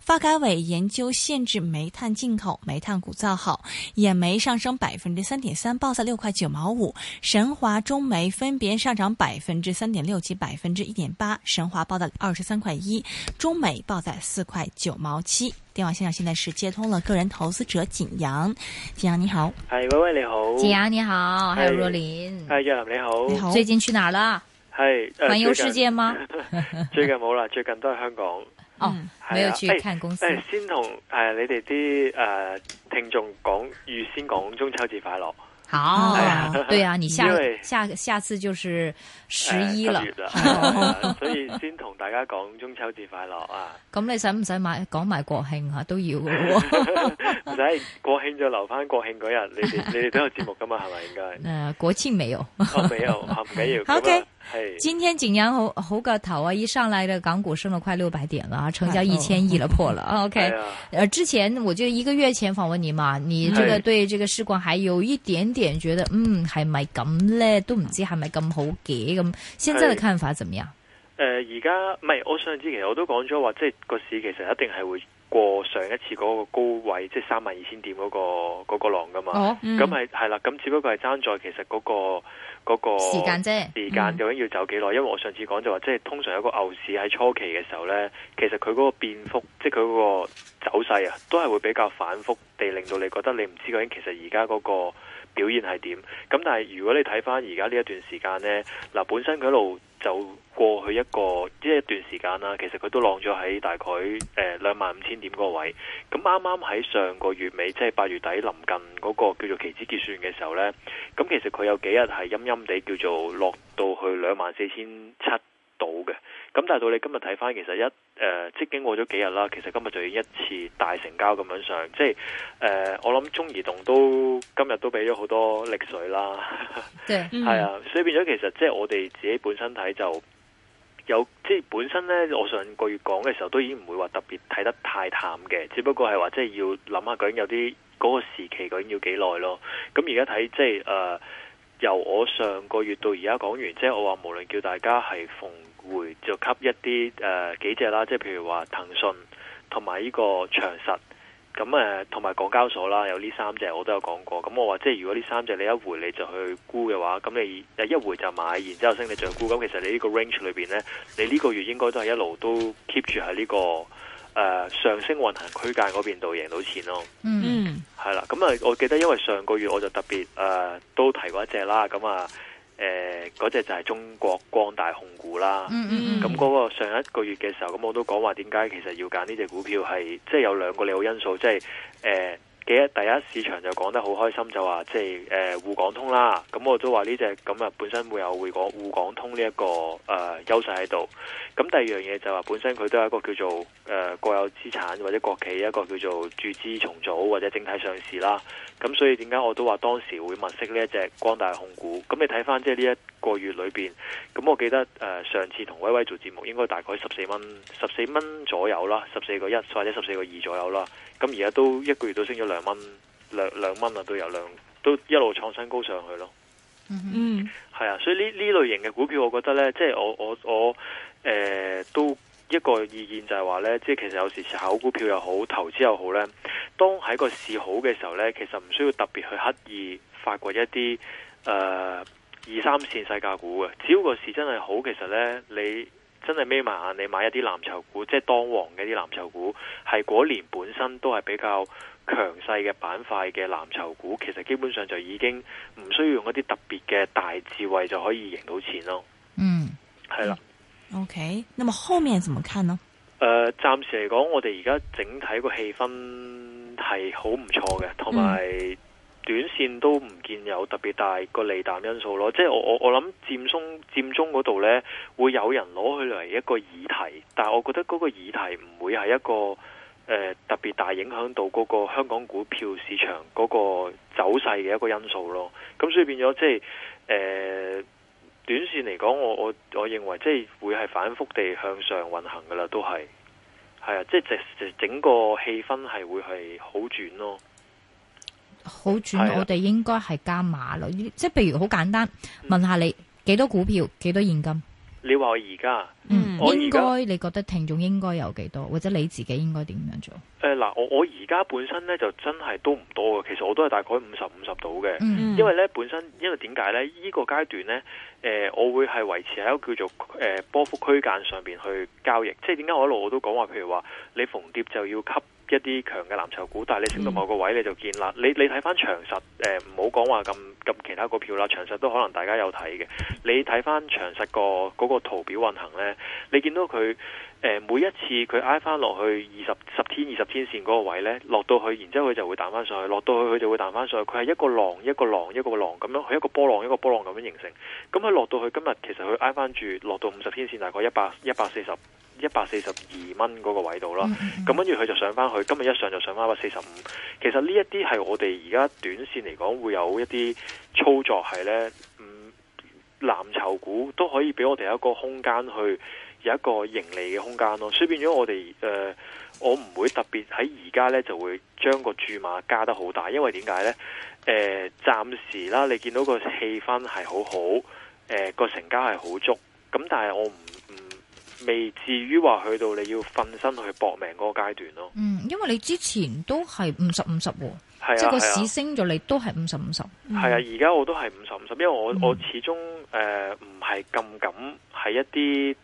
發改委研究限制煤炭進口，煤炭股造好，兗煤上升百分之三點三，報在六塊九毛五；神華、中煤分別上漲百分之三點六及百分之一點八，神華報在二十三塊一，中煤報在四塊九毛七。電話線上現在是接通了個人投資者景羊，景羊你好，係喂，喂你好，景羊你好，還有若琳，哎、啊、若琳你好，你好，最近去哪了？係環遊世界嗎？最近冇啦，最近都喺香港。 哦、嗯啊，沒有去看公司，哎哎。先同誒、呃、你哋啲誒聽眾講，預先講中秋節快樂。好、oh. 哎，對啊， 你下下下次就是十一了，哎了 啊、所以先同大家講中秋節快樂啊。咁你使唔使埋講埋國慶啊？都要？唔使，國慶就留翻國慶嗰日，你哋你哋都有節目噶嘛，係 咪應該？誒、呃，國慶未有，未、 哦、有，唔緊要。 okay. 今天景羊猴猴個頭啊，一上來的港股升咗快六百點啦，成交一千億了，破了。OK，誒、呃，之前我就一個月前訪問你嘛，你這個對這個市況還有一點點覺得，嗯，係咪咁咧？都唔知係咪咁好嘅咁？現在的看法怎麼樣？是，呃，而家唔係，我上次其實我都講咗話，即係個市其實一定係會。過上一次嗰個高位，即係三萬二千點嗰、嗰個浪噶、嗰個、嘛，咁係係啦，咁只不過係爭在其實嗰、嗰個嗰、嗰個時間啫，時間究竟要走幾耐？Um, 因為我上次講就話，即、就、係、係、通常有個牛市喺初期嘅時候呢，其實佢嗰個變幅，即係佢嗰個走勢啊，都係會比較反覆地令到你覺得你唔知究竟其實而家嗰個。表現係點？咁但係如果你睇翻而家呢一段時間呢，嗱本身佢一路就過去一個即係一段時間啦，其實佢都浪咗喺大概誒兩萬五千點個位。咁啱啱喺上個月尾，即係八月底臨近嗰個叫做期指結算嘅時候呢，咁其實佢有幾日係陰陰地叫做落到去兩萬四千七。冇嘅，咁但係到你今日睇返，其實一誒、呃，即係經過咗幾日啦，其實今日就已經一次大成交咁樣上，即係誒、呃，我諗中移動都今日都俾咗好多力水啦，係、嗯、 啊，所以變咗其實即係我哋自己本身睇就有，即係本身咧，我上個月講嘅時候都已經唔會話特別睇得太淡嘅，只不過係話即係要諗下究竟有啲嗰、那個時期究竟要幾耐咯，咁而家睇即係誒。呃由我上個月到而家講完，即係我話無論叫大家係逢回就給一啲誒、呃、幾隻啦，即係譬如話騰訊同埋呢個長實，咁誒同埋港交所啦，有呢三隻我都有講過。咁我話即係如果呢三隻你一回你就去沽嘅話，咁你一回就買，然之後升你再沽。咁其實你呢個 range 裏邊呢，你呢個月應該都係一路都 keep 住喺呢、這個誒、呃、上升運行區間嗰邊度贏到錢咯。嗯。係啦，咁啊，我記得，因為上個月我就特別誒、呃、都提過一隻啦，咁啊，誒嗰隻就係中國光大控股啦。嗯嗯、嗯。咁嗰個上一個月嘅時候，咁我都講話，點解其實要揀呢隻股票係，即係有兩個利好因素，即係誒。呃第一第一市場就講得好開心，就話即係誒滬港通啦。咁我都話呢隻咁啊本身會有會講滬港通呢、這、一個誒、呃、優勢喺度。咁第二樣嘢就話本身佢都有一個叫做誒、呃、國有資產或者國企一個叫做注資重組或者整體上市啦。咁所以點解我都話當時會物色呢一隻光大控股？咁你睇翻即係呢一個月裏面。咁我記得誒、呃、上次同威威做節目應該大概十四蚊十四蚊左右啦，十四個一或者十四個二左右啦。咁而家都一個月都升咗兩蚊，兩蚊啦都有，兩，都，由兩都一路創新高上去咯。嗯，係呀，所以呢呢類型嘅股票，我覺得呢，即係我我我誒、呃、都一個意見就係話呢，即係其實有時炒股票又好，投資又好呢，當喺個市好嘅時候呢，其實唔需要特別去刻意發掘一啲誒、呃、二三線世界股嘅，只要個市真係好，其實呢，你。真係眯埋眼，你買一啲藍籌股，即係當王嘅啲藍籌股，係嗰年本身都係比較強勢嘅板塊嘅藍籌股，其實基本上就已經唔需要用一啲特別嘅大智慧就可以贏到錢咯。嗯，係啦。OK，咁啊，後面怎麼看呢？誒、呃，暫時嚟講，我哋而家整體個氣氛係好唔錯嘅，同埋、嗯。短線都唔見有特別大個利淡因素咯，即係我我我諗佔中佔中嗰度呢，會有人攞佢嚟一個議題，但係我覺得嗰個議題唔會係一個誒、呃、特別大影響到嗰個香港股票市場嗰個走勢嘅一個因素咯。咁所以變咗即係誒短線嚟講，我我我認為即係會係反覆地向上運行噶啦，都係係啊，即係整整個氣氛係會係好轉咯。好轉，我哋應該係加碼咯，即係譬如好簡單，問下你幾多股票，幾、嗯、多現金？你話我而家，嗯，我應該你覺得聽眾應該有幾多，或者你自己應該點樣做？誒、呃、嗱，我我而家本身咧就真係都唔多嘅，其實我都係大概五十五十度嘅，因為咧本身因為點解咧？這個、階呢個階段咧，誒、呃、我會係維持喺一個叫做誒、呃、波幅區間上邊去交易，即係點解我一路我都講話，譬如話你逢跌就要吸。一啲強嘅藍籌股，但係你升到某個位你就見啦。你你睇翻長實，呃，唔好講話咁咁其他個票啦。長實都可能大家有睇嘅。你睇翻長實個、嗰個圖表運行呢，你見到佢，呃、每一次佢挨返落去二十十天二十天線嗰個位呢，落到去，然之後佢就會彈翻上去，落到去佢就會彈翻上去。佢係一個浪一個浪一個浪咁樣，佢一個波浪一個波浪咁樣形成。咁佢落到去今日其實佢挨返住落到五十天線大概一百一百四十。一百四十二蚊嗰個位度啦，咁跟住佢就上翻去，今日一上就上翻一百四十五。其實呢一啲係我哋而家短線嚟講，會有一啲操作係咧，嗯，藍籌股都可以俾我哋一個空間去有一個盈利嘅空間咯。所以變咗我哋誒、呃，我唔會特別喺而家咧，就會將個注碼加得好大，因為點解咧？誒、呃，暫時啦，你見到個氣氛係好好，誒、呃，個成交係好足，咁但係我唔。未至於話去到你要瞓身去搏命嗰個階段咯。嗯，因為你之前都係五十五十喎，即係個市升咗，你都係五十五十。係啊，而家、嗯、我都係五十五十，因為我、嗯、我始終誒唔係咁敢係一啲，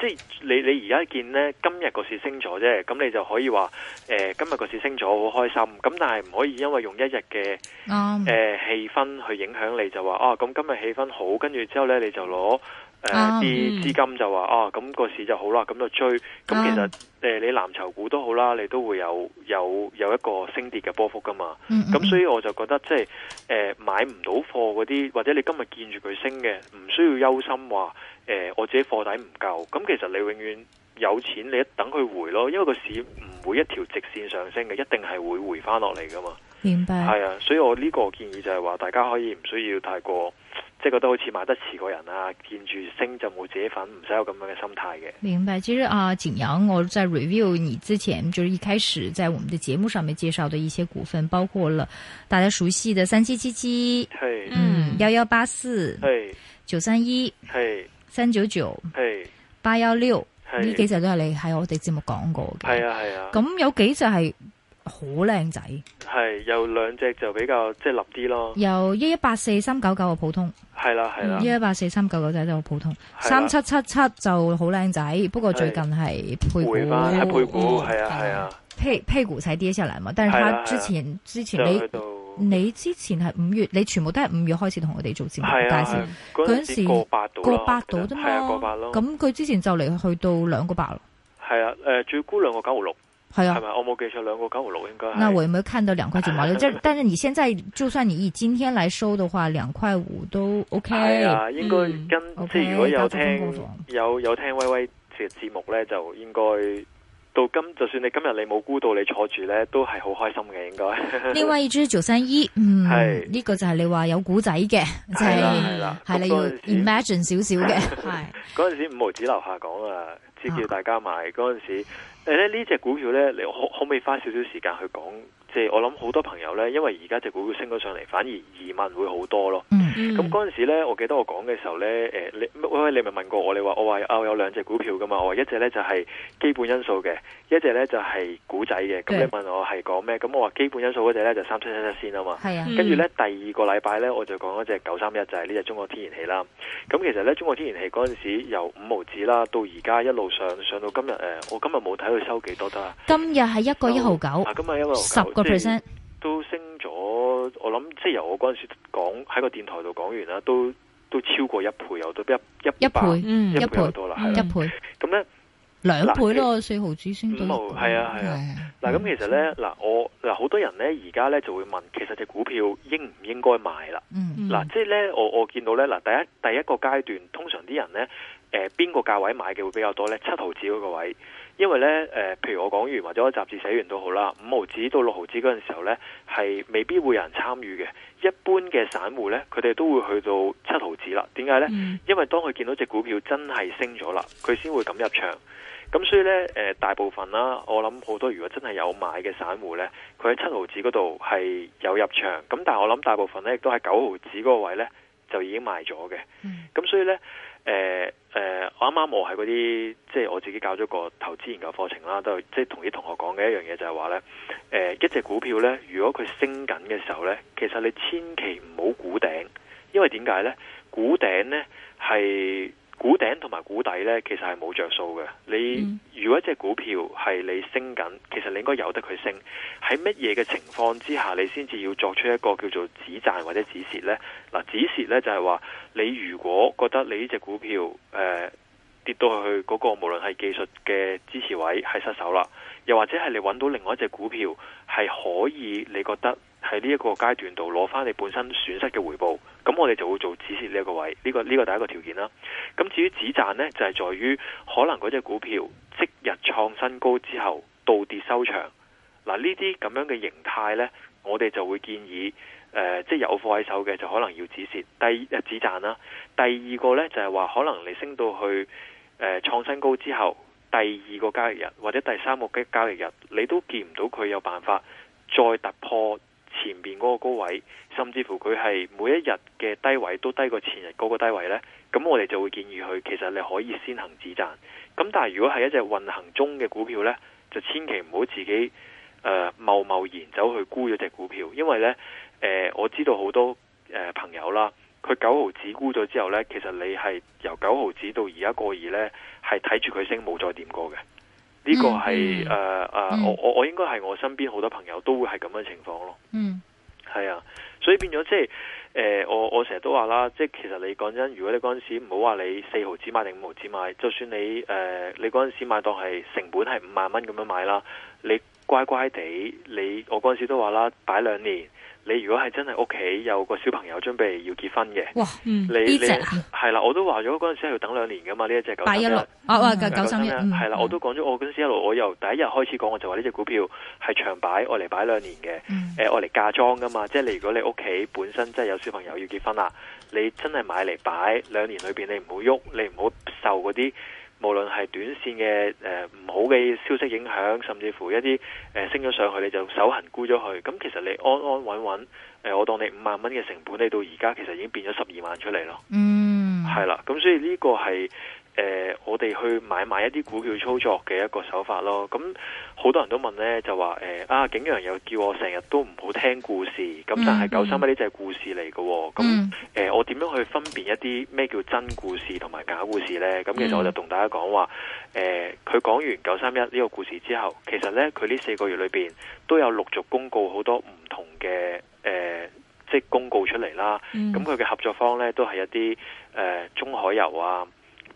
即係你你現在看而家見呢今日個市升咗啫，咁你就可以話誒、呃、今日個市升咗好開心。咁但係唔可以因為用一日嘅誒氣氛去影響你就話啊，咁今日氣氛好，跟住之後呢你就攞。誒、呃，啲資金就話啊，咁、嗯啊咁個市就好啦，咁就追。咁其實誒、啊呃，你藍籌股都好啦，你都會有有有一個升跌嘅波幅噶嘛。咁、嗯嗯、所以我就覺得即係誒、呃，買唔到貨嗰啲，或者你今日見住佢升嘅，唔需要憂心話誒、呃，我自己貨底唔夠。咁其實你永遠有錢，你一等佢回咯，因為個市唔會一條直線上升嘅，一定係會回翻落嚟噶嘛。明白，係啊，所以我呢個建議就係話，大家可以唔需要太過，即係覺得好似買得遲個人啊，見住升就冇自己份，唔使有咁樣嘅心態嘅。明白，其實啊，景羊，我在 review 你之前，就是一開始在我們嘅節目上面介紹的一些股份，包括了大家熟悉的三七七七，係，嗯，幺幺八四，係，九三一，係，三九九，係，八幺六，呢幾隻都係你喺我哋節目講過嘅，係啊係啊，咁有幾隻係。好靚仔，係有兩隻就比較即係立啲咯。由一一八四三九九個普通，係啦係啦，一一八四三九九仔就好普通，三七七七就好靚仔。不過最近係配股，配股係啊係啊，配、嗯、配股細啲先嚟嘛。但係佢之前之前你你之前係五月，你全部都係五月開始同我哋做節目介紹。嗰陣時個八度個八度啫嘛，咁佢之前就嚟去到兩個八咯。係啊，誒，最高兩個九毫六。係咪？我冇記錯，兩個九毫六應該。嗱，我有冇有看到兩塊九毛六？但係，是你現在就算你以今天來收嘅話，兩塊五都 OK。係啊，應該跟即係、嗯 okay, 如果有聽有有聽威威嘅節目咧，就應該到今就算你今日你冇估到你坐住咧，都係好開心嘅應該。另外一支九三一，嗯，呢、這個就係你話有古仔嘅，就係係你要 imagine 少少嘅 是、啊。係嗰陣時五毫紙樓下講啊，即叫大家買嗰陣、啊、時。誒咧呢隻股票咧，你可可唔可以花少少時間去講？我諗好多朋友咧，因為而家隻股票升咗上嚟，反而疑問會好多咯。咁嗰陣時咧，我記得我講嘅時候咧，誒、呃，你喂你咪問過我，你話我話有兩隻股票噶嘛？我話一隻咧就係基本因素嘅，一隻咧就係股仔嘅。咁你問我係講咩？咁我話基本因素嗰隻咧就三七七七先啊嘛。啊跟住咧、嗯、第二個禮拜咧，我就講一隻九三一，就係呢隻中國天然氣啦。咁其實咧，中國天然氣嗰陣時由五毫紙啦，到而家一路上上到今日誒、呃，我今日冇睇佢收幾多得啊？今日係一個一毫九。啊，今日一個十個都升咗，我諗即係由我嗰陣時講喺個電台度講完啦，都都超過一倍有多，又都一一百一倍，一倍多啦，係一倍咁咧，兩倍,、嗯、倍咯，四毫子升咗係啊係啊嗱，咁、嗯嗯、其實咧嗱我嗱好多人咧而家咧就會問，其實隻股票應唔應該買啦？嗯，嗱，即係咧我我見到咧嗱第一第一個階段，通常啲人咧誒邊個價位買嘅會比較多咧？七毫子嗰個位。因為咧，誒、呃，譬如我講完或者我雜誌寫完都好啦，五毫紙到六毫紙嗰陣時候咧，係未必會有人參與嘅。一般嘅散戶咧，佢哋都會去到七毫紙啦。點解咧？嗯、因為當佢見到隻股票真係升咗啦，佢先會咁入場。咁所以咧，誒、呃，大部分啦，我諗好多如果真係有買嘅散戶咧，佢喺七毫紙嗰度係有入場。咁但係我諗大部分咧，亦都喺九毫紙嗰個位咧就已經賣咗嘅。咁所以咧。誒、呃、誒，啱、呃、啱我喺嗰啲，即係我自己搞咗個投資研究課程啦，都即係同啲同學講嘅一樣嘢就係話呢，誒一隻股票呢，如果佢升緊嘅時候呢，其實你千祈唔好估頂，因為點解呢？估頂呢係。股頂同埋股底呢，其實係冇着數嘅。你如果一隻股票係你升緊，其實你應該由得佢升。喺乜嘢嘅情況之下，你先至要作出一個叫做止賺或者止蝕呢？嗱，止蝕呢就係話你如果覺得你呢隻股票、呃、跌到去、那、嗰個無論係技術嘅支持位係失手啦，又或者係你揾到另外一隻股票係可以你覺得。喺呢一個階段度攞翻你本身損失嘅回報，咁我哋就會做止蝕呢一個位，呢、這個呢、這個第一個條件啦。咁至於止賺呢，就係、是、在於可能嗰隻股票即日創新高之後倒跌收場，嗱呢啲咁樣嘅形態呢，我哋就會建議即係、呃就是、有貨喺手嘅就可能要止蝕，第止賺啦。第二個呢，就係、是、話可能你升到去誒創、呃、新高之後，第二個交易日或者第三個交易日，你都見唔到佢有辦法再突破。前邊嗰個高位，甚至乎佢係每一日嘅低位都低過前日嗰個低位咧，咁我哋就會建議佢，其實你可以先行止賺。咁但係如果係一隻運行中嘅股票咧，就千祈唔好自己誒貿貿然走去沽咗隻股票，因為咧誒、呃、我知道好多誒、呃、朋友啦，佢九毫子沽咗之後咧，其實你係由九毫子到而家個二咧，係睇住佢升冇再掂過嘅。呢、這個係誒誒，我我我應該係我身邊好多朋友都會係咁嘅情況咯。嗯，係啊，所以變咗即係誒、呃，我我成日都話啦，即係其實你講真，如果你嗰陣時唔好話你四毫子買定五毫子買，就算你誒、呃、你嗰陣時買當係成本係五萬蚊咁樣買啦，你。乖乖地，你我嗰陣時都話啦，擺兩年。你如果係真係屋企有個小朋友準備要結婚嘅，哇，嗯，呢隻啊，係啦，我都話咗嗰陣時要等兩年噶嘛，呢一隻狗。擺一年，哦，九三一，係啦、啊嗯啊嗯嗯，我都講咗，我嗰陣時一路，我由第一日開始講，我、嗯、就話呢隻股票係長擺，我嚟擺兩年嘅，誒、嗯、我、呃、嚟嫁妝噶嘛，即係你如果你屋企本身真係有小朋友要結婚啦，你真係買嚟擺兩年裏邊，你唔好喐，你唔好受嗰啲。無論係短線嘅，誒唔好嘅消息影響，甚至乎一啲誒、呃、升咗上去，你就手痕沽咗去。咁其實你安安穩穩誒、呃，我當你五萬蚊嘅成本，你到而家其實已經變咗十二萬出嚟咯。嗯，係啦，咁所以呢個係。我哋去買賣一啲股票操作嘅一個手法咯。咁好多人都問呢，就話誒、呃、啊，景羊又叫我成日都唔好聽故事。咁、嗯、但係九三一呢隻故事嚟嘅。咁、嗯呃、我點樣去分辨一啲咩叫真故事同埋假故事呢？咁其實我就同大家講話，佢、呃、講完九三一呢個故事之後，其實呢，佢呢四個月裏邊都有陸續公告好多唔同嘅、呃、即係公告出嚟啦。咁佢嘅合作方呢，都係一啲、呃、中海油啊。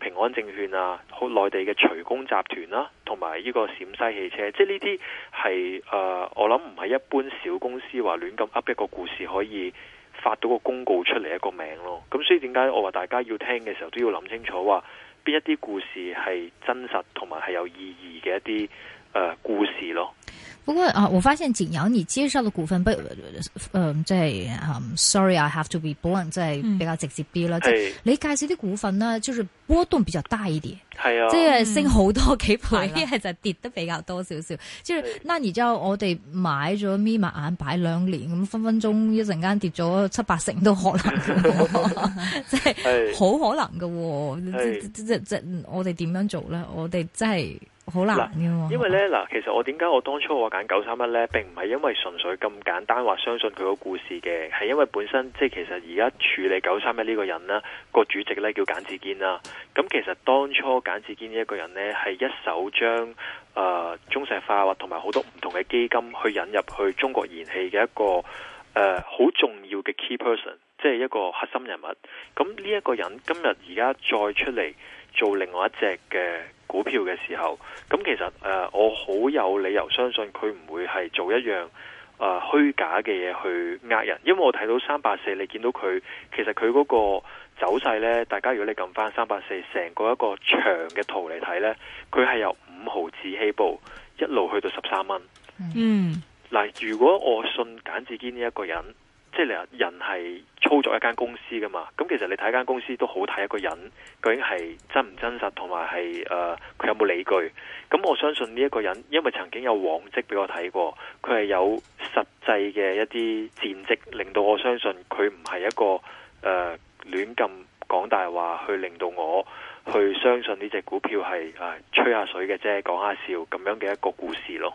平安證券啊，好內地嘅徐工集團啦、啊，同埋呢個陝西汽車，即係呢啲係誒，我諗唔係一般小公司話亂咁噏一個故事可以發到個公告出嚟一個名咯。咁所以點解我話大家要聽嘅時候都要諗清楚，話邊一啲故事係真實同埋係有意義嘅一啲誒、呃、故事咯。不過啊，我發現景羊你介紹的股份不，誒、呃、即係、呃就是嗯、sorry，I have to be blunt，即係比較直接啲啦。即、嗯、係、就是、你介紹啲股份咧，就是波動比較大一點，係、嗯、啊、即、就、係、是、升好多幾倍，係、嗯、 就跌得比較多少少。即、嗯、係、就是，嗱然之後我哋買咗眯埋眼擺兩年，咁分分鐘一陣間跌咗七八成都可能，即係好可能噶。即即係即我哋點樣做咧？我哋即係。好難嘅，因為咧嗱，其實我點解我當初我揀九三一咧，並唔係因為純粹咁簡單話相信佢個故事嘅，係因為本身即係其實而家處理九三一呢個人咧、個主席咧叫簡志堅啦。咁其實當初簡志堅呢一個人咧係一手將誒、呃、中石化或同埋好多唔同嘅基金去引入去中國燃氣嘅一個誒好、呃、重要嘅 key person，即係一個核心人物。咁呢一個人今日而家再出嚟做另外一隻嘅。股票嘅時候，咁其實誒、呃，我好有理由相信佢唔會係做一樣誒、呃、虛假嘅嘢去呃人，因為我睇到三百四，你見到佢其實佢嗰個走勢呢，大家如果你撳翻三百四成個一個長嘅圖嚟睇呢，佢係由五毫子起步一路去到十三蚊。嗯，嗱，如果我信簡志堅呢一個人。即係人，人係操作一間公司噶嘛？咁其實你睇一間公司都好睇一個人，究竟係真唔真實，同埋係誒佢有冇理據？咁我相信呢一個人，因為曾經有往績俾我睇過，佢係有實際嘅一啲戰績，令到我相信佢唔係一個誒亂咁講大話，去令到我去相信呢隻股票係誒、呃、吹下水嘅啫，講下笑咁樣嘅一個故事咯。